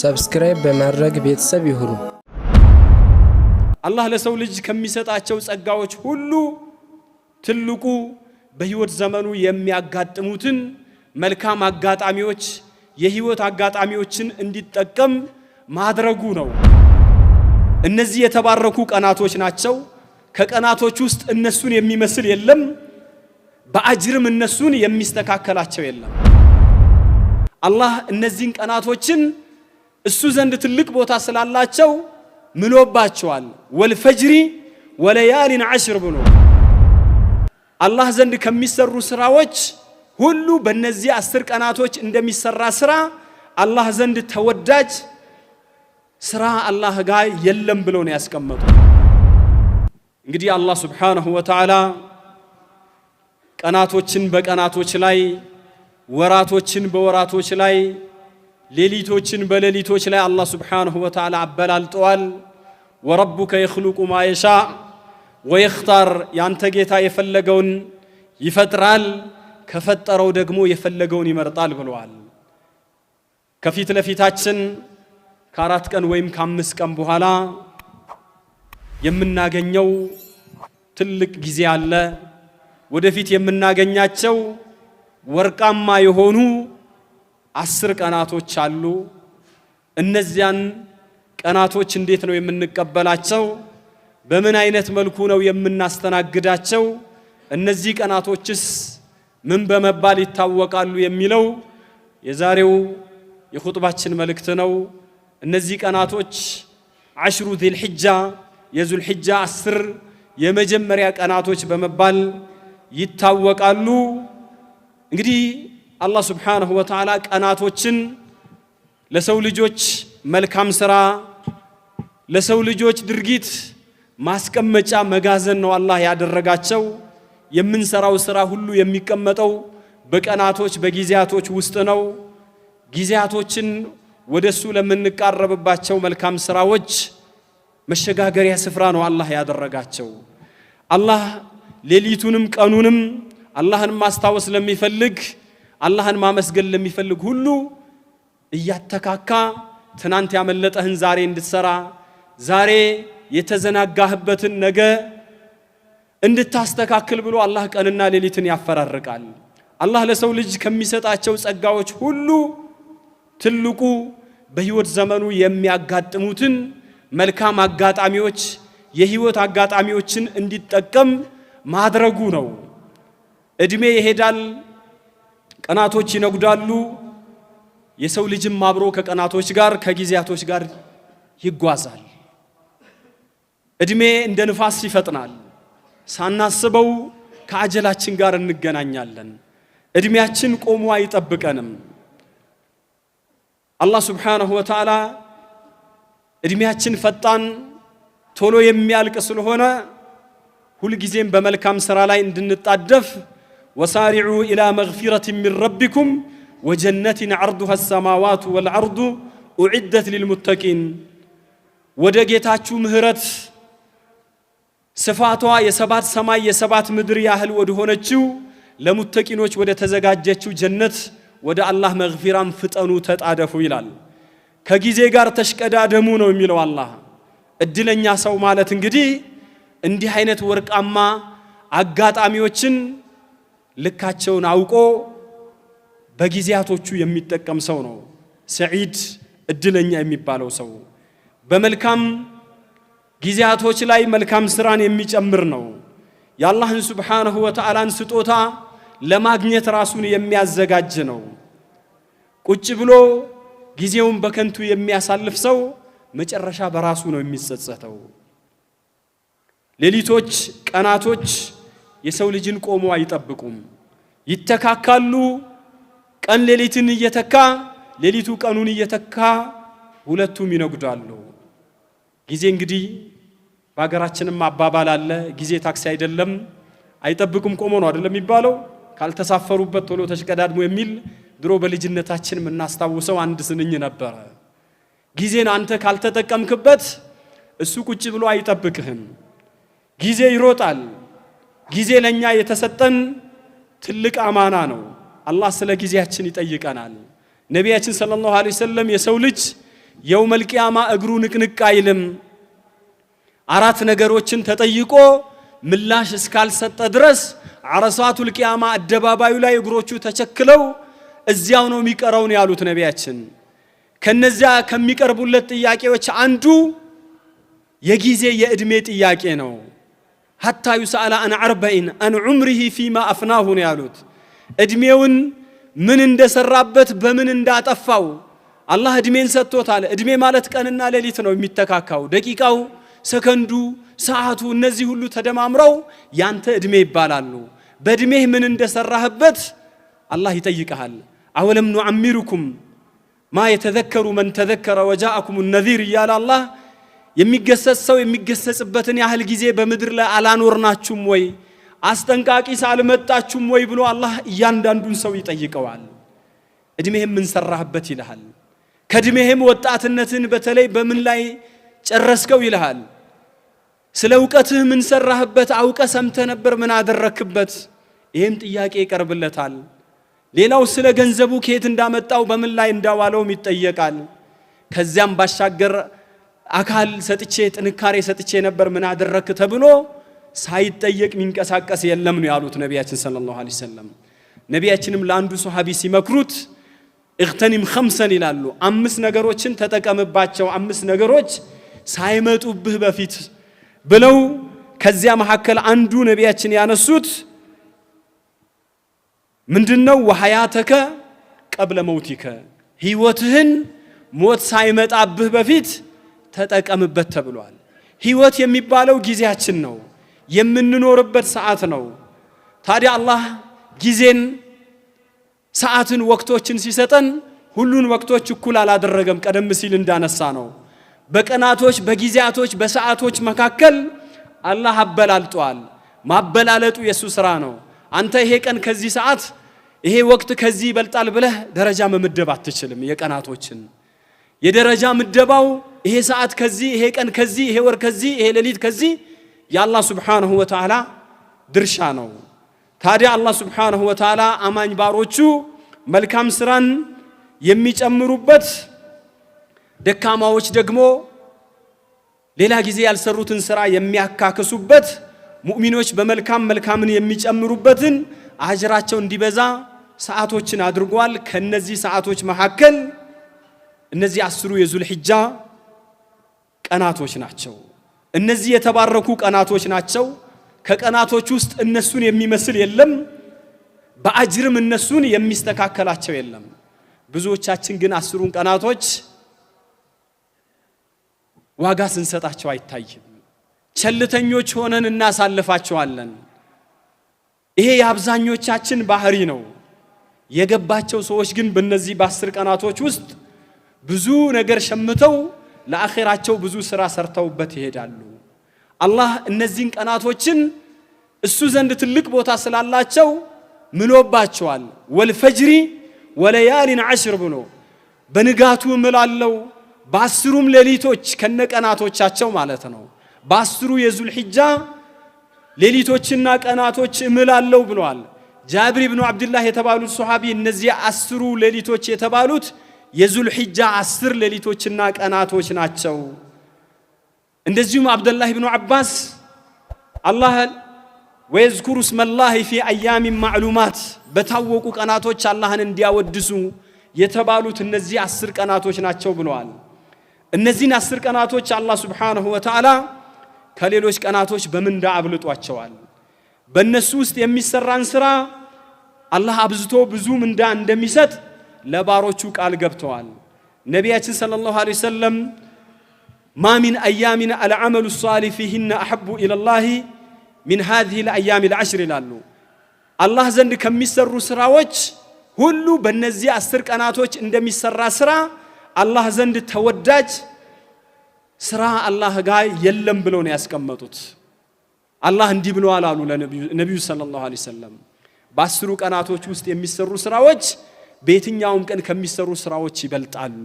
ሰብስክራይብ በማድረግ ቤተሰብ ይሁኑ። አላህ ለሰው ልጅ ከሚሰጣቸው ጸጋዎች ሁሉ ትልቁ በህይወት ዘመኑ የሚያጋጥሙትን መልካም አጋጣሚዎች የህይወት አጋጣሚዎችን እንዲጠቀም ማድረጉ ነው። እነዚህ የተባረኩ ቀናቶች ናቸው። ከቀናቶች ውስጥ እነሱን የሚመስል የለም። በአጅርም እነሱን የሚስተካከላቸው የለም። አላህ እነዚህን ቀናቶችን እሱ ዘንድ ትልቅ ቦታ ስላላቸው ምሎባቸዋል። ወልፈጅሪ ወለያሊን ዐሽር ብሎ አላህ ዘንድ ከሚሰሩ ስራዎች ሁሉ በእነዚህ አስር ቀናቶች እንደሚሰራ ስራ አላህ ዘንድ ተወዳጅ ስራ አላህ ጋር የለም ብለው ነው ያስቀመጡ። እንግዲህ አላህ ሱብሓነሁ ወተዓላ ቀናቶችን በቀናቶች ላይ ወራቶችን በወራቶች ላይ ሌሊቶችን በሌሊቶች ላይ አላህ ሱብሓነሁ ወተዓላ አበላልጠዋል። ወረቡከ የኽሉቁ ማየሻ ወየኽታር፣ ያንተ ጌታ የፈለገውን ይፈጥራል፣ ከፈጠረው ደግሞ የፈለገውን ይመርጣል ብለዋል። ከፊት ለፊታችን ከአራት ቀን ወይም ከአምስት ቀን በኋላ የምናገኘው ትልቅ ጊዜ አለ። ወደፊት የምናገኛቸው ወርቃማ የሆኑ አስር ቀናቶች አሉ። እነዚያን ቀናቶች እንዴት ነው የምንቀበላቸው? በምን አይነት መልኩ ነው የምናስተናግዳቸው? እነዚህ ቀናቶችስ ምን በመባል ይታወቃሉ? የሚለው የዛሬው የኹጥባችን መልእክት ነው። እነዚህ ቀናቶች አሽሩ ዚልሕጃ የዙልሕጃ አስር የመጀመሪያ ቀናቶች በመባል ይታወቃሉ። እንግዲህ አላህ ስብሓንሁ ወተዓላ ቀናቶችን ለሰው ልጆች መልካም ስራ ለሰው ልጆች ድርጊት ማስቀመጫ መጋዘን ነው አላህ ያደረጋቸው። የምንሰራው ስራ ሁሉ የሚቀመጠው በቀናቶች በጊዜያቶች ውስጥ ነው። ጊዜያቶችን ወደሱ ለምንቃረብባቸው መልካም ስራዎች መሸጋገሪያ ስፍራ ነው አላህ ያደረጋቸው። አላህ ሌሊቱንም ቀኑንም አላህን ማስታወስ ለሚፈልግ አላህን ማመስገን ለሚፈልግ ሁሉ እያተካካ ትናንት ያመለጠህን ዛሬ እንድትሰራ፣ ዛሬ የተዘናጋህበትን ነገ እንድታስተካክል ብሎ አላህ ቀንና ሌሊትን ያፈራርቃል። አላህ ለሰው ልጅ ከሚሰጣቸው ጸጋዎች ሁሉ ትልቁ በህይወት ዘመኑ የሚያጋጥሙትን መልካም አጋጣሚዎች የህይወት አጋጣሚዎችን እንዲጠቀም ማድረጉ ነው። እድሜ ይሄዳል። ቀናቶች ይነጉዳሉ። የሰው ልጅም አብሮ ከቀናቶች ጋር ከጊዜያቶች ጋር ይጓዛል። እድሜ እንደ ንፋስ ይፈጥናል። ሳናስበው ከአጀላችን ጋር እንገናኛለን። እድሜያችን ቆሞ አይጠብቀንም። አላህ ሱብሓነሁ ወተዓላ እድሜያችን ፈጣን ቶሎ የሚያልቅ ስለሆነ ሁልጊዜም በመልካም ስራ ላይ እንድንጣደፍ ወሳሪዑ ኢላ መግፊረት ሚን ረቢኩም ወጀነትን ዐርዱሃ ሰማዋቱ ወልዐርዱ ኡዕደት ሊልሙተቂን ወደ ጌታችሁ ምህረት ስፋቷ የሰባት ሰማይ የሰባት ምድር ያህል ወደ ሆነችው ለሙተቂኖች ወደ ተዘጋጀችው ጀነት ወደ አላህ መግፊራም ፍጠኑ ተጣደፉ ይላል። ከጊዜ ጋር ተሽቀዳደሙ ነው የሚለው አላህ። እድለኛ ሰው ማለት እንግዲህ እንዲህ አይነት ወርቃማ አጋጣሚዎችን ልካቸውን አውቆ በጊዜያቶቹ የሚጠቀም ሰው ነው ሰዒድ እድለኛ የሚባለው ሰው። በመልካም ጊዜያቶች ላይ መልካም ስራን የሚጨምር ነው። የአላህን ስብሓንሁ ወተዓላን ስጦታ ለማግኘት ራሱን የሚያዘጋጅ ነው። ቁጭ ብሎ ጊዜውን በከንቱ የሚያሳልፍ ሰው መጨረሻ በራሱ ነው የሚጸጸተው። ሌሊቶች፣ ቀናቶች የሰው ልጅን ቆሞ አይጠብቁም። ይተካካሉ። ቀን ሌሊትን እየተካ ሌሊቱ ቀኑን እየተካ ሁለቱም ይነጉዳሉ። ጊዜ እንግዲህ በሀገራችንም አባባል አለ፣ ጊዜ ታክሲ አይደለም። አይጠብቁም ቆሞ ነው አይደለም የሚባለው። ካልተሳፈሩበት ቶሎ ተሽቀዳድሞ የሚል ድሮ በልጅነታችን የምናስታውሰው አንድ ስንኝ ነበረ። ጊዜን አንተ ካልተጠቀምክበት እሱ ቁጭ ብሎ አይጠብቅህም። ጊዜ ይሮጣል። ጊዜ ለእኛ የተሰጠን ትልቅ አማና ነው። አላህ ስለ ጊዜያችን ይጠይቀናል። ነቢያችን ሰለላሁ ዐለይሂ ወሰለም የሰው ልጅ የውመል ቂያማ እግሩ ንቅንቅ አይልም፣ አራት ነገሮችን ተጠይቆ ምላሽ እስካልሰጠ ድረስ አረሳቱል ቂያማ አደባባዩ ላይ እግሮቹ ተቸክለው እዚያው ነው የሚቀረውን ያሉት ነቢያችን። ከነዚያ ከሚቀርቡለት ጥያቄዎች አንዱ የጊዜ የእድሜ ጥያቄ ነው። ሐታ ዩስአላ አን አርበኢን አን ዑምሪሂ ፊማ አፍናሁ ነው ያሉት። እድሜውን ምን እንደሰራበት በምን እንዳጠፋው አላህ እድሜን ሰጥቶታል። እድሜ ማለት ቀንና ሌሊት ነው የሚተካካው። ደቂቃው፣ ሰከንዱ፣ ሰዓቱ እነዚህ ሁሉ ተደማምረው ያንተ እድሜ ይባላሉ። በእድሜህ ምን እንደሰራህበት አላህ ይጠይቀሃል። አወለም ኑዓሚሩኩም ማ የተዘከሩ መን ተዘከረ ወጃአኩም ነዚር እያለ አላህ የሚገሰጽ ሰው የሚገሰጽበትን ያህል ጊዜ በምድር ላይ አላኖርናችሁም ወይ? አስጠንቃቂ ሳልመጣችሁም ወይ ብሎ አላህ እያንዳንዱን ሰው ይጠይቀዋል። እድሜህም ምን ሰራህበት ይልሃል። ከእድሜህም ወጣትነትን በተለይ በምን ላይ ጨረስከው ይልሃል። ስለ እውቀትህ ምን ሰራህበት? አውቀ ሰምተ ነበር ምን አደረክበት? ይህም ጥያቄ ይቀርብለታል። ሌላው ስለ ገንዘቡ ከየት እንዳመጣው በምን ላይ እንዳዋለውም ይጠየቃል። ከዚያም ባሻገር አካል ሰጥቼ ጥንካሬ ሰጥቼ ነበር ምን አደረክ ተብሎ ሳይጠየቅ የሚንቀሳቀስ የለም ነው ያሉት ነቢያችን ሰለላሁ ዐለይሂ ወሰለም። ነቢያችንም ለአንዱ ሶሐቢ ሲመክሩት እግተኒም ኸምሰን ይላሉ። አምስት ነገሮችን ተጠቀምባቸው፣ አምስት ነገሮች ሳይመጡብህ በፊት ብለው ከዚያ መካከል አንዱ ነቢያችን ያነሱት ምንድነው? ወሐያተከ ቀብለ መውቲከ ህይወትህን ሞት ሳይመጣብህ በፊት ተጠቀምበት ተብሏል። ህይወት የሚባለው ጊዜያችን ነው፣ የምንኖርበት ሰዓት ነው። ታዲያ አላህ ጊዜን፣ ሰዓትን፣ ወቅቶችን ሲሰጠን ሁሉን ወቅቶች እኩል አላደረገም። ቀደም ሲል እንዳነሳ ነው በቀናቶች፣ በጊዜያቶች፣ በሰዓቶች መካከል አላህ አበላልጧል። ማበላለጡ የእሱ ስራ ነው። አንተ ይሄ ቀን ከዚህ ሰዓት ይሄ ወቅት ከዚህ ይበልጣል ብለህ ደረጃ መመደብ አትችልም። የቀናቶችን የደረጃ ምደባው ይሄ ሰዓት ከዚህ ይሄ ቀን ከዚህ ይሄ ወር ከዚህ ይሄ ሌሊት ከዚህ የአላህ ስብሓንሁ ወተዓላ ድርሻ ነው። ታዲያ አላህ ስብሓንሁ ወተዓላ አማኝ ባሮቹ መልካም ስራን የሚጨምሩበት ደካማዎች ደግሞ ሌላ ጊዜ ያልሰሩትን ስራ የሚያካክሱበት ሙእሚኖች በመልካም መልካምን የሚጨምሩበትን አጅራቸው እንዲበዛ ሰዓቶችን አድርጓል። ከነዚህ ሰዓቶች መካከል እነዚህ አስሩ የዙልሒጃ ቀናቶች ናቸው። እነዚህ የተባረኩ ቀናቶች ናቸው። ከቀናቶች ውስጥ እነሱን የሚመስል የለም፣ በአጅርም እነሱን የሚስተካከላቸው የለም። ብዙዎቻችን ግን አስሩን ቀናቶች ዋጋ ስንሰጣቸው አይታይም። ቸልተኞች ሆነን እናሳልፋቸዋለን። ይሄ የአብዛኞቻችን ባህሪ ነው። የገባቸው ሰዎች ግን በእነዚህ በአስር ቀናቶች ውስጥ ብዙ ነገር ሸምተው ለአኼራቸው ብዙ ስራ ሰርተውበት ይሄዳሉ። አላህ እነዚህን ቀናቶችን እሱ ዘንድ ትልቅ ቦታ ስላላቸው ምሎባቸዋል። ወልፈጅሪ ወለያሊን ዐሽር ብሎ በንጋቱ እምላለው በአስሩም ሌሊቶች ከነቀናቶቻቸው ማለት ነው። በአስሩ የዙልሒጃ ሌሊቶችና ቀናቶች እምላለው ብለዋል። ጃብር ብኑ አብድላህ የተባሉት ሶሓቢ እነዚህ አስሩ ሌሊቶች የተባሉት የዙል ሒጃ አስር ሌሊቶችና ቀናቶች ናቸው። እንደዚሁም አብደላህ ብኑ ዓባስ አላህ ወየዝኩሩ ስመላህ ፊ አያሚ ማዕሉማት በታወቁ ቀናቶች አላህን እንዲያወድሱ የተባሉት እነዚህ አስር ቀናቶች ናቸው ብለዋል። እነዚህን አስር ቀናቶች አላህ ሱብሓነሁ ወተዓላ ከሌሎች ቀናቶች በምንዳ አብልጧቸዋል። በእነሱ ውስጥ የሚሰራን ስራ አላህ አብዝቶ ብዙ ምንዳ እንደሚሰጥ ለባሮቹ ቃል ገብተዋል። ነቢያችን ሰለላሁ ዐለይሂ ወሰለም ማሚን አያሚን አልዓመሉ ሷሊህ ፊሂነ አሐቡ ኢለላሂ ሚን ሃዚሂ ልአያሚ ልዓሽር ይላሉ። አላህ ዘንድ ከሚሰሩ ስራዎች ሁሉ በእነዚህ አስር ቀናቶች እንደሚሰራ ስራ አላህ ዘንድ ተወዳጅ ስራ አላህ ጋር የለም ብለው ነው ያስቀመጡት። አላህ እንዲህ ብለዋል አሉ ለነቢዩ ሰለላሁ ዐለይሂ ወሰለም በአስሩ ቀናቶች ውስጥ የሚሰሩ ስራዎች በየትኛውም ቀን ከሚሰሩ ስራዎች ይበልጣሉ።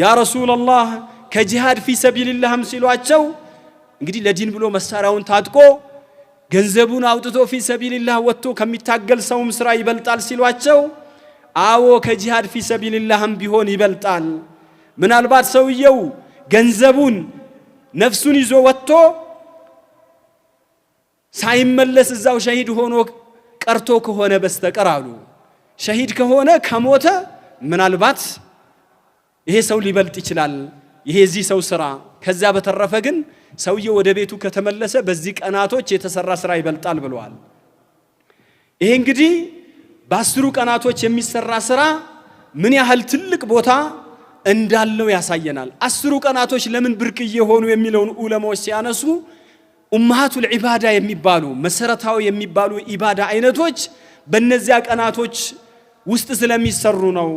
ያ ረሱላላህ ከጂሃድ ፊ ሰቢልላህም ሲሏቸው እንግዲህ ለዲን ብሎ መሳሪያውን ታጥቆ ገንዘቡን አውጥቶ ፊ ሰቢልላህ ወጥቶ ከሚታገል ሰውም ስራ ይበልጣል ሲሏቸው፣ አዎ ከጂሃድ ፊ ሰቢልላህም ቢሆን ይበልጣል። ምናልባት ሰውየው ገንዘቡን ነፍሱን ይዞ ወጥቶ ሳይመለስ እዛው ሸሂድ ሆኖ ቀርቶ ከሆነ በስተቀር አሉ ሸሂድ ከሆነ ከሞተ ምናልባት ይሄ ሰው ሊበልጥ ይችላል፣ ይሄ የዚህ ሰው ስራ። ከዚያ በተረፈ ግን ሰውየው ወደ ቤቱ ከተመለሰ በዚህ ቀናቶች የተሰራ ስራ ይበልጣል ብለዋል። ይሄ እንግዲህ በአስሩ ቀናቶች የሚሰራ ስራ ምን ያህል ትልቅ ቦታ እንዳለው ያሳየናል። አስሩ ቀናቶች ለምን ብርቅዬ ሆኑ የሚለውን ዑለማዎች ሲያነሱ ኡማሃቱል ዒባዳ የሚባሉ መሰረታዊ የሚባሉ ኢባዳ አይነቶች በእነዚያ ቀናቶች ውስጥ ስለሚሰሩ ነው።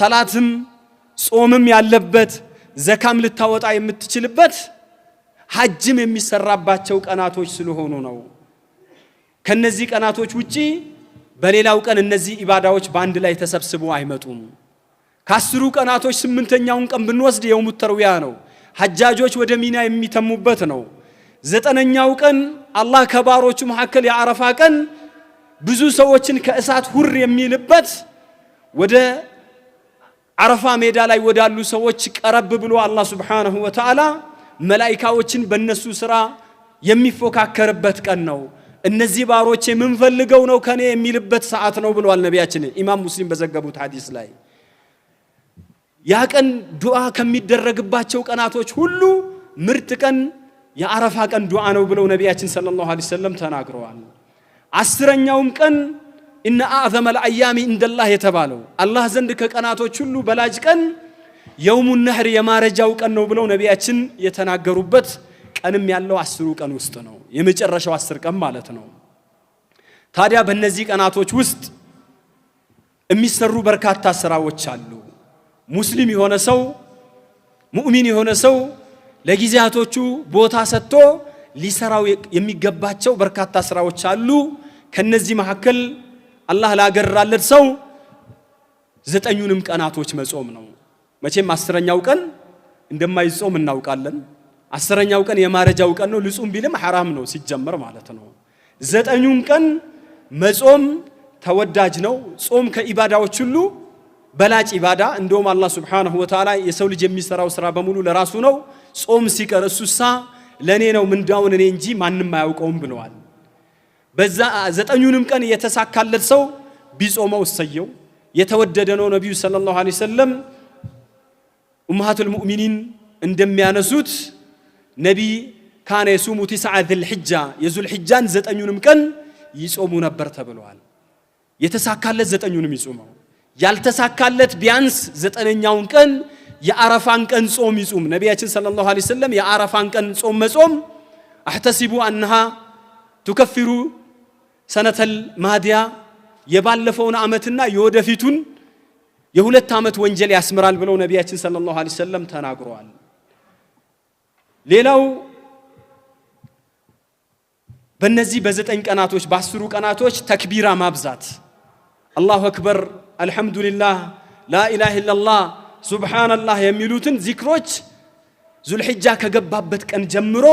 ሰላትም ጾምም ያለበት ዘካም ልታወጣ የምትችልበት ሀጅም የሚሰራባቸው ቀናቶች ስለሆኑ ነው። ከነዚህ ቀናቶች ውጪ በሌላው ቀን እነዚህ ኢባዳዎች በአንድ ላይ ተሰብስበው አይመጡም። ከአስሩ ቀናቶች ስምንተኛውን ቀን ብንወስድ የውሙ ተርዊያ ነው። ሐጃጆች ወደ ሚና የሚተሙበት ነው። ዘጠነኛው ቀን አላህ ከባሮቹ መካከል የአረፋ ቀን ብዙ ሰዎችን ከእሳት ሁር የሚልበት ወደ አረፋ ሜዳ ላይ ወዳሉ ሰዎች ቀረብ ብሎ አላህ ሱብሓነሁ ወተዓላ መላኢካዎችን በእነሱ ስራ የሚፎካከርበት ቀን ነው። እነዚህ ባሮች የምንፈልገው ነው ከኔ የሚልበት ሰዓት ነው ብሏል ነቢያችን። ኢማም ሙስሊም በዘገቡት ሐዲስ ላይ ያ ቀን ዱዓ ከሚደረግባቸው ቀናቶች ሁሉ ምርጥ ቀን የአረፋ ቀን ዱዓ ነው ብለው ነቢያችን ሰለላሁ ዐለይሂ ወሰለም ተናግረዋል። አስረኛውም ቀን እነ አዕዘመል አያሚ እንደላህ የተባለው አላህ ዘንድ ከቀናቶች ሁሉ በላጅ ቀን የውሙ ነህር የማረጃው ቀን ነው ብለው ነቢያችን የተናገሩበት ቀንም ያለው አስሩ ቀን ውስጥ ነው። የመጨረሻው አስር ቀን ማለት ነው። ታዲያ በእነዚህ ቀናቶች ውስጥ የሚሰሩ በርካታ ስራዎች አሉ። ሙስሊም የሆነ ሰው ሙእሚን የሆነ ሰው ለጊዜያቶቹ ቦታ ሰጥቶ ሊሰራው የሚገባቸው በርካታ ስራዎች አሉ። ከነዚህ መካከል አላህ ላገራለት ሰው ዘጠኙንም ቀናቶች መጾም ነው። መቼም አስረኛው ቀን እንደማይጾም እናውቃለን። አስረኛው ቀን የማረጃው ቀን ነው። ልጹም ቢልም ሐራም ነው ሲጀመር ማለት ነው። ዘጠኙን ቀን መጾም ተወዳጅ ነው። ጾም ከኢባዳዎች ሁሉ በላጭ ኢባዳ እንደውም አላህ ሱብሓነሁ ወተዓላ የሰው ልጅ የሚሰራው ስራ በሙሉ ለራሱ ነው። ጾም ሲቀር እሱሳ ለእኔ ነው ምንዳውን እኔ እንጂ ማንም አያውቀውም ብለዋል። በዛ ዘጠኙንም ቀን የተሳካለት ሰው ቢጾመው እሰየው የተወደደ ነው። ነቢዩ ሰለላሁ ዐለይሂ ወሰለም ኡምሃቱል ሙእሚኒን እንደሚያነሱት ነቢይ ካነ የሱሙ ቲስዓ ዙልሒጃ የዙልሒጃን ዘጠኙንም ቀን ይጾሙ ነበር ተብለዋል። የተሳካለት ዘጠኙንም ይጾመው፣ ያልተሳካለት ቢያንስ ዘጠነኛውን ቀን የአረፋን ቀን ጾም ይጹም። ነቢያችን ሰለላሁ ዐለይሂ ወሰለም የአረፋን ቀን ጾም መጾም አህተሲቡ አነሃ ቱከፊሩ ሰነተል ማዲያ የባለፈውን ዓመትና የወደፊቱን የሁለት ዓመት ወንጀል ያስምራል ብለው ነቢያችን ሰለላሁ ዐለይሂ ወሰለም ተናግረዋል። ሌላው በእነዚህ በዘጠኝ ቀናቶች በአስሩ ቀናቶች ተክቢራ ማብዛት አላሁ አክበር፣ አልሐምዱሊላህ፣ ላኢላህ ኢለላህ ሱብሓነላህ የሚሉትን ዚክሮች ዙልሕጃ ከገባበት ቀን ጀምሮ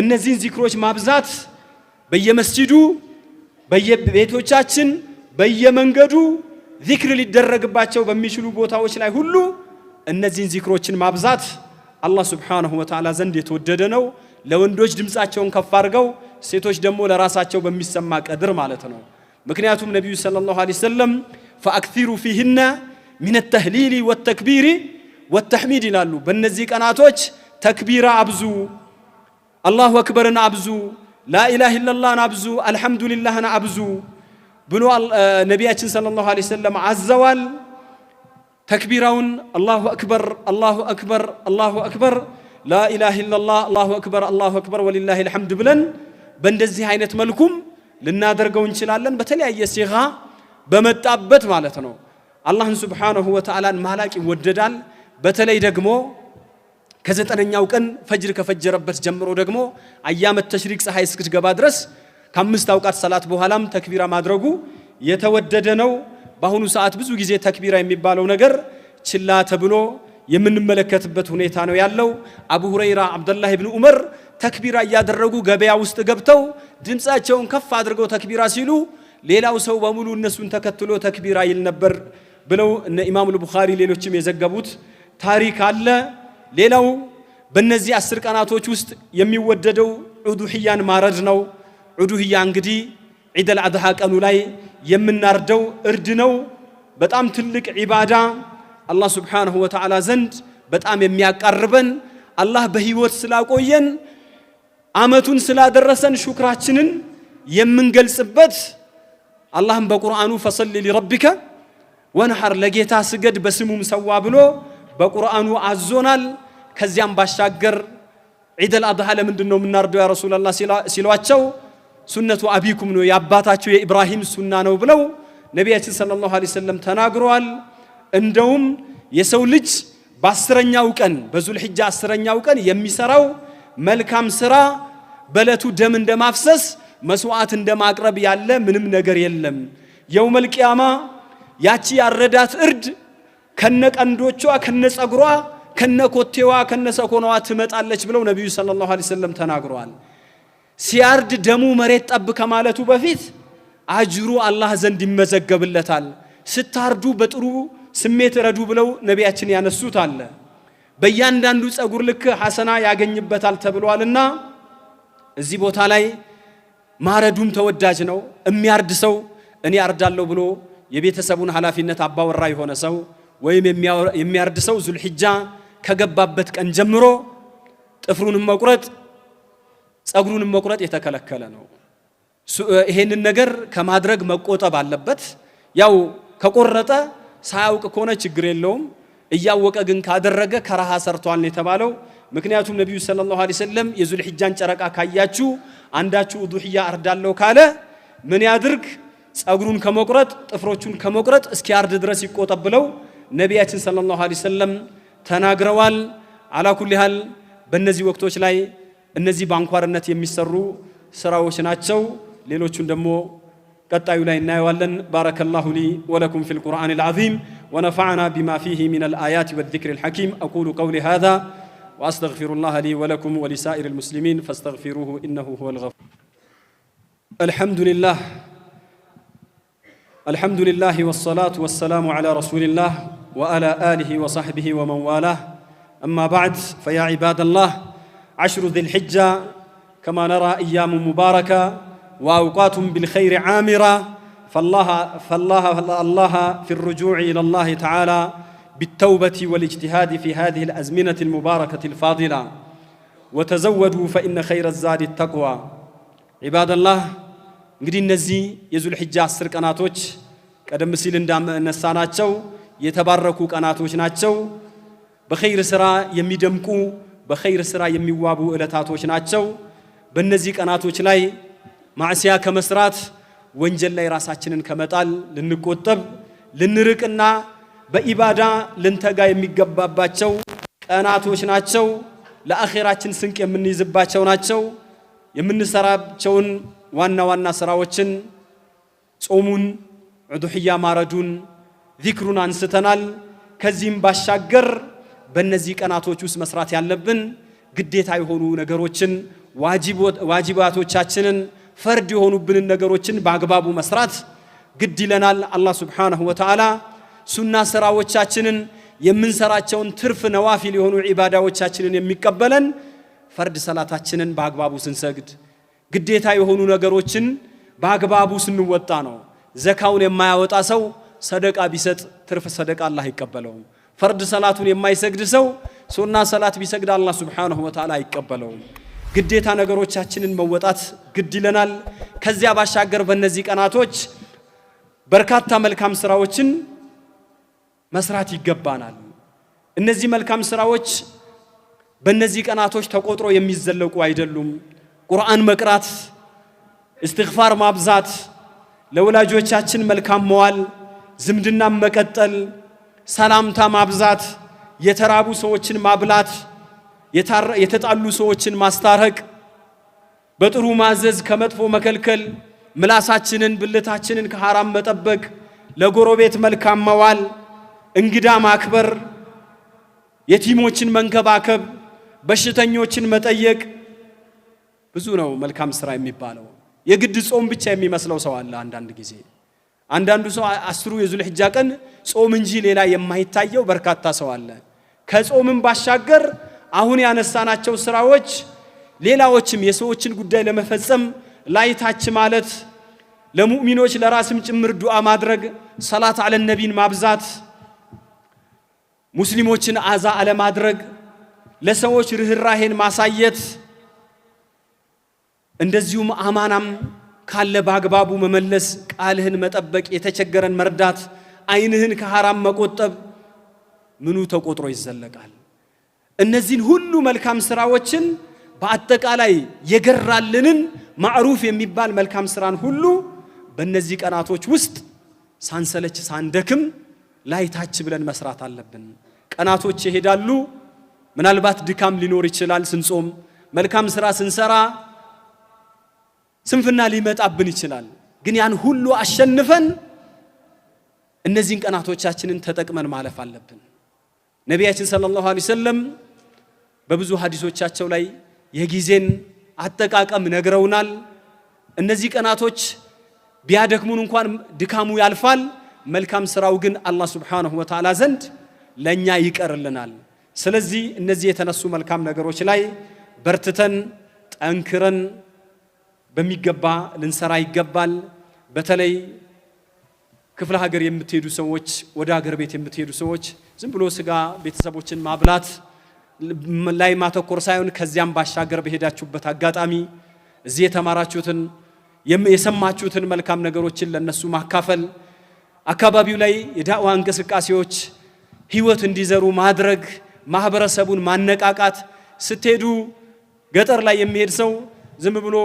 እነዚህን ዚክሮች ማብዛት በየመስጂዱ፣ በየቤቶቻችን፣ በየመንገዱ ዚክር ሊደረግባቸው በሚችሉ ቦታዎች ላይ ሁሉ እነዚህን ዚክሮችን ማብዛት አላህ ሱብሓነሁ ወተዓላ ዘንድ የተወደደ ነው። ለወንዶች ድምፃቸውን ከፍ አድርገው ሴቶች ደግሞ ለራሳቸው በሚሰማ ቀድር ማለት ነው። ምክንያቱም ነቢዩ ሰለላሁ ዐለይሂ ወሰለም ፈአክሲሩ ፊህነ ሚን ተህሊሊ ወተክቢሪ ወተሕሚድ ይላሉ። በእነዚህ ቀናቶች ተክቢራ አብዙ፣ አላሁ አክበርን አብዙ፣ ላኢላህ ኢለላህን አብዙ፣ አልሐምዱሊላህን አብዙ ብሎ ነቢያችን ሰለላሁ ዐለይሂ ወሰለም አዘዋል። ተክቢራውን አላሁ አክበር አላሁ አክበር አላሁ አክበር ላኢላህ ኢለላህ አላሁ አክበር አላሁ አክበር ወሊላህ ልሐምድ ብለን በእንደዚህ አይነት መልኩም ልናደርገው እንችላለን። በተለያየ ሲጋ በመጣበት ማለት ነው። አላህን ሱብሓነሁ ወተዓላን ማላቅ ይወደዳል። በተለይ ደግሞ ከዘጠነኛው ቀን ፈጅር ከፈጀረበት ጀምሮ ደግሞ አያመት ተሽሪቅ ፀሐይ እስክትገባ ድረስ ከአምስት አውቃት ሰላት በኋላም ተክቢራ ማድረጉ የተወደደ ነው። በአሁኑ ሰዓት ብዙ ጊዜ ተክቢራ የሚባለው ነገር ችላ ተብሎ የምንመለከትበት ሁኔታ ነው ያለው። አቡ ሁረይራ አብደላህ ብን ዑመር ተክቢራ እያደረጉ ገበያ ውስጥ ገብተው ድምፃቸውን ከፍ አድርገው ተክቢራ ሲሉ ሌላው ሰው በሙሉ እነሱን ተከትሎ ተክቢራ ይል ነበር። ብለው እነ ኢማሙል ቡኻሪ ሌሎችም የዘገቡት ታሪክ አለ። ሌላው በእነዚህ አስር ቀናቶች ውስጥ የሚወደደው ዑዱህያን ማረድ ነው። ዑዱህያ እንግዲህ ዒደል አድሃ ቀኑ ላይ የምናርደው እርድ ነው። በጣም ትልቅ ዒባዳ አላህ ሱብሓነሁ ወተዓላ ዘንድ በጣም የሚያቃርበን አላህ በህይወት ስላቆየን አመቱን ስላደረሰን ሹክራችንን የምንገልጽበት አላህም በቁርአኑ ፈሰሊ ሊረቢከ ወንሐር ለጌታ ስገድ በስሙም ሰዋ ብሎ በቁርአኑ አዞናል። ከዚያም ባሻገር ዒደል አድሃ ለምንድን ነው የምናርደው ያ ረሱላላህ ሲሏቸው ሱነቱ አቢኩም ነው የአባታቸው የኢብራሂም ሱና ነው ብለው ነቢያችን ሰለላሁ ዐለይሂ ወሰለም ተናግረዋል። እንደውም የሰው ልጅ በአስረኛው ቀን በዙልሕጃ አስረኛው ቀን የሚሰራው መልካም ስራ በለቱ ደም እንደማፍሰስ መስዋዕት እንደማቅረብ ያለ ምንም ነገር የለም። የውመል ቂያማ ያቺ ያረዳት እርድ ከነ ቀንዶቿ ከነ ኮቴዋ ከነ ከነሰኮናዋ ትመጣለች ብለው ነቢዩ ሰለላሁ ዐለይሂ ወሰለም ተናግረዋል። ሲያርድ ደሙ መሬት ጠብ ከማለቱ በፊት አጅሩ አላህ ዘንድ ይመዘገብለታል። ስታርዱ በጥሩ ስሜት ረዱ ብለው ነቢያችን ያነሱት አለ። በእያንዳንዱ ጸጉር ልክ ሐሰና ያገኝበታል ተብሏልና እዚህ ቦታ ላይ ማረዱም ተወዳጅ ነው። የሚያርድ ሰው እኔ አርዳለሁ ብሎ የቤተሰቡን ኃላፊነት አባወራ የሆነ ሰው ወይም የሚያርድ ሰው ዙልሂጃ ከገባበት ቀን ጀምሮ ጥፍሩንም መቁረጥ ጸጉሩንም መቁረጥ የተከለከለ ነው። ይሄንን ነገር ከማድረግ መቆጠብ አለበት። ያው ከቆረጠ ሳያውቅ ከሆነ ችግር የለውም። እያወቀ ግን ካደረገ ከረሃ ሰርቷል የተባለው ምክንያቱም ነቢዩ ሰለላሁ ዐለይሂ ወሰለም የዙልሂጃን ጨረቃ ካያችሁ አንዳችሁ ዱህያ አርዳለሁ ካለ ምን ያድርግ? ጸጉሩን ከመቁረጥ ጥፍሮቹን ከመቁረጥ እስኪ አርድ ድረስ ይቆጠብ ብለው ነቢያችን ሰለላሁ ዐለይሂ ወሰለም ተናግረዋል። አላኩል ያህል በእነዚህ ወቅቶች ላይ እነዚህ በአንኳርነት የሚሰሩ ስራዎች ናቸው። ሌሎቹን ደግሞ ቀጣዩ ላይ እናየዋለን። ባረከላሁ ሊ ወለኩም ፊል ቁርአን አልዓዚም ወነፈዐና ቢማ ፊሂ ሚነል አያት ወዚክሪል ሐኪም አቁሉ ቀውሊ ሃዛ ወአስተግፊሩላህ ሊ ወለኩም ወሊሳኢሪል ሙስሊሚን ፈስተግፊሩሁ ኢነሁ ሁወል ገፉር አልሐምዱሊላህ الحمد لله والصلاة والسلام على رسول الله وعلى آله وصحبه ومن والاه أما بعد فيا عباد الله عشر ذي الحجة كما نرى أيام مباركة وأوقات بالخير عامرة فالله فالله, الله في الرجوع إلى الله تعالى بالتوبة والاجتهاد في هذه الأزمنة المباركة الفاضلة وتزودوا فإن خير الزاد التقوى عباد الله እንግዲህ እነዚህ የዙል አስር ቀናቶች ቀደም ሲል እንዳነሳ ናቸው የተባረኩ ቀናቶች ናቸው። በኸይር ስራ የሚደምቁ በኸይር ስራ የሚዋቡ ዕለታቶች ናቸው። በእነዚህ ቀናቶች ላይ ማዕሲያ ከመስራት ወንጀል ላይ ራሳችንን ከመጣል ልንቆጠብ ልንርቅና በኢባዳ ልንተጋ የሚገባባቸው ቀናቶች ናቸው። ለአኼራችን ስንቅ የምንይዝባቸው ናቸው። የምንሰራቸውን ዋና ዋና ስራዎችን ጾሙን፣ ዑዱሕያ ማረዱን፣ ዚክሩን አንስተናል። ከዚህም ባሻገር በእነዚህ ቀናቶች ውስጥ መስራት ያለብን ግዴታ የሆኑ ነገሮችን ዋጅባቶቻችንን ፈርድ የሆኑብንን ነገሮችን በአግባቡ መስራት ግድ ይለናል። አላህ ሱብሓነሁ ወተዓላ ሱና ስራዎቻችንን የምንሰራቸውን ትርፍ ነዋፊል የሆኑ ዒባዳዎቻችንን የሚቀበለን ፈርድ ሰላታችንን በአግባቡ ስንሰግድ ግዴታ የሆኑ ነገሮችን በአግባቡ ስንወጣ ነው። ዘካውን የማያወጣ ሰው ሰደቃ ቢሰጥ ትርፍ ሰደቃ አላህ አይቀበለውም። ፈርድ ሰላቱን የማይሰግድ ሰው ሱና ሰላት ቢሰግድ አላህ ሱብሓነሁ ወተዓላ አይቀበለውም። ግዴታ ነገሮቻችንን መወጣት ግድ ይለናል። ከዚያ ባሻገር በእነዚህ ቀናቶች በርካታ መልካም ስራዎችን መስራት ይገባናል። እነዚህ መልካም ስራዎች በእነዚህ ቀናቶች ተቆጥሮ የሚዘለቁ አይደሉም። ቁርአን መቅራት፣ እስትግፋር ማብዛት፣ ለወላጆቻችን መልካም መዋል፣ ዝምድናም መቀጠል፣ ሰላምታ ማብዛት፣ የተራቡ ሰዎችን ማብላት፣ የተጣሉ ሰዎችን ማስታረቅ፣ በጥሩ ማዘዝ፣ ከመጥፎ መከልከል፣ ምላሳችንን ብልታችንን ከሐራም መጠበቅ፣ ለጎረቤት መልካም መዋል፣ እንግዳ ማክበር፣ የቲሞችን መንከባከብ፣ በሽተኞችን መጠየቅ ብዙ ነው መልካም ስራ የሚባለው። የግድ ጾም ብቻ የሚመስለው ሰው አለ አንዳንድ ጊዜ። አንዳንዱ ሰው አስሩ የዙል ቀን ጾም እንጂ ሌላ የማይታየው በርካታ ሰው አለ። ከጾምም ባሻገር አሁን ያነሳናቸው ስራዎች ሌላዎችም የሰዎችን ጉዳይ ለመፈጸም ላይታች ማለት ለሙእሚኖች ለራስም ጭምር ዱዓ ማድረግ፣ ሰላት አለ ነቢን ማብዛት፣ ሙስሊሞችን አዛ አለማድረግ፣ ለሰዎች ርህራሄን ማሳየት እንደዚሁም አማናም ካለ በአግባቡ መመለስ፣ ቃልህን መጠበቅ፣ የተቸገረን መርዳት፣ ዓይንህን ከሐራም መቆጠብ ምኑ ተቆጥሮ ይዘለቃል? እነዚህን ሁሉ መልካም ስራዎችን በአጠቃላይ የገራልንን ማዕሩፍ የሚባል መልካም ስራን ሁሉ በእነዚህ ቀናቶች ውስጥ ሳንሰለች ሳንደክም ላይታች ብለን መስራት አለብን። ቀናቶች ይሄዳሉ። ምናልባት ድካም ሊኖር ይችላል። ስንጾም መልካም ስራ ስንሰራ ስንፍና ሊመጣብን ይችላል። ግን ያን ሁሉ አሸንፈን እነዚህን ቀናቶቻችንን ተጠቅመን ማለፍ አለብን። ነቢያችን ሰለላሁ ዐለይሂ ወሰለም በብዙ ሀዲሶቻቸው ላይ የጊዜን አጠቃቀም ነግረውናል። እነዚህ ቀናቶች ቢያደክሙን እንኳን ድካሙ ያልፋል። መልካም ስራው ግን አላህ ሱብሓነሁ ወተዓላ ዘንድ ለእኛ ይቀርልናል። ስለዚህ እነዚህ የተነሱ መልካም ነገሮች ላይ በርትተን ጠንክረን በሚገባ ልንሰራ ይገባል። በተለይ ክፍለ ሀገር የምትሄዱ ሰዎች፣ ወደ ሀገር ቤት የምትሄዱ ሰዎች ዝም ብሎ ስጋ ቤተሰቦችን ማብላት ላይ ማተኮር ሳይሆን ከዚያም ባሻገር በሄዳችሁበት አጋጣሚ እዚህ የተማራችሁትን የሰማችሁትን መልካም ነገሮችን ለነሱ ማካፈል፣ አካባቢው ላይ የዳዕዋ እንቅስቃሴዎች ህይወት እንዲዘሩ ማድረግ፣ ማህበረሰቡን ማነቃቃት። ስትሄዱ ገጠር ላይ የሚሄድ ሰው ዝም ብሎ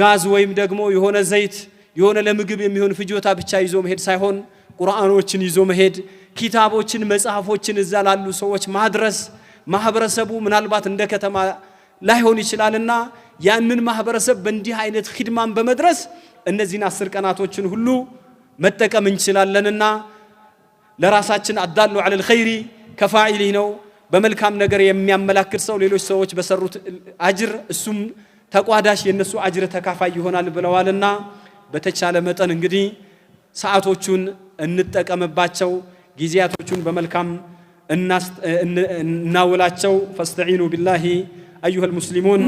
ጋዝ ወይም ደግሞ የሆነ ዘይት የሆነ ለምግብ የሚሆን ፍጆታ ብቻ ይዞ መሄድ ሳይሆን ቁርአኖችን ይዞ መሄድ፣ ኪታቦችን፣ መጽሐፎችን እዛ ላሉ ሰዎች ማድረስ ማህበረሰቡ ምናልባት እንደ ከተማ ላይሆን ይችላልና ያንን ማህበረሰብ በእንዲህ አይነት ሂድማን በመድረስ እነዚህን አስር ቀናቶችን ሁሉ መጠቀም እንችላለንና ለራሳችን አዳሉ ዐለል ኸይሪ ከፋዒሊ ነው። በመልካም ነገር የሚያመላክት ሰው ሌሎች ሰዎች በሰሩት አጅር እሱም ተቋዳሽ የነሱ አጅር ተካፋይ ይሆናል ብለዋልና በተቻለ መጠን እንግዲህ ሰዓቶቹን እንጠቀምባቸው፣ ጊዜያቶቹን በመልካም እናውላቸው። ፈስተዒኑ ቢላሂ አዩሃ ልሙስሊሙን።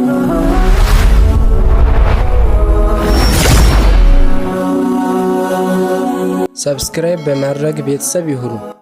ሰብስክራይብ በማድረግ ቤተሰብ ይሁኑ።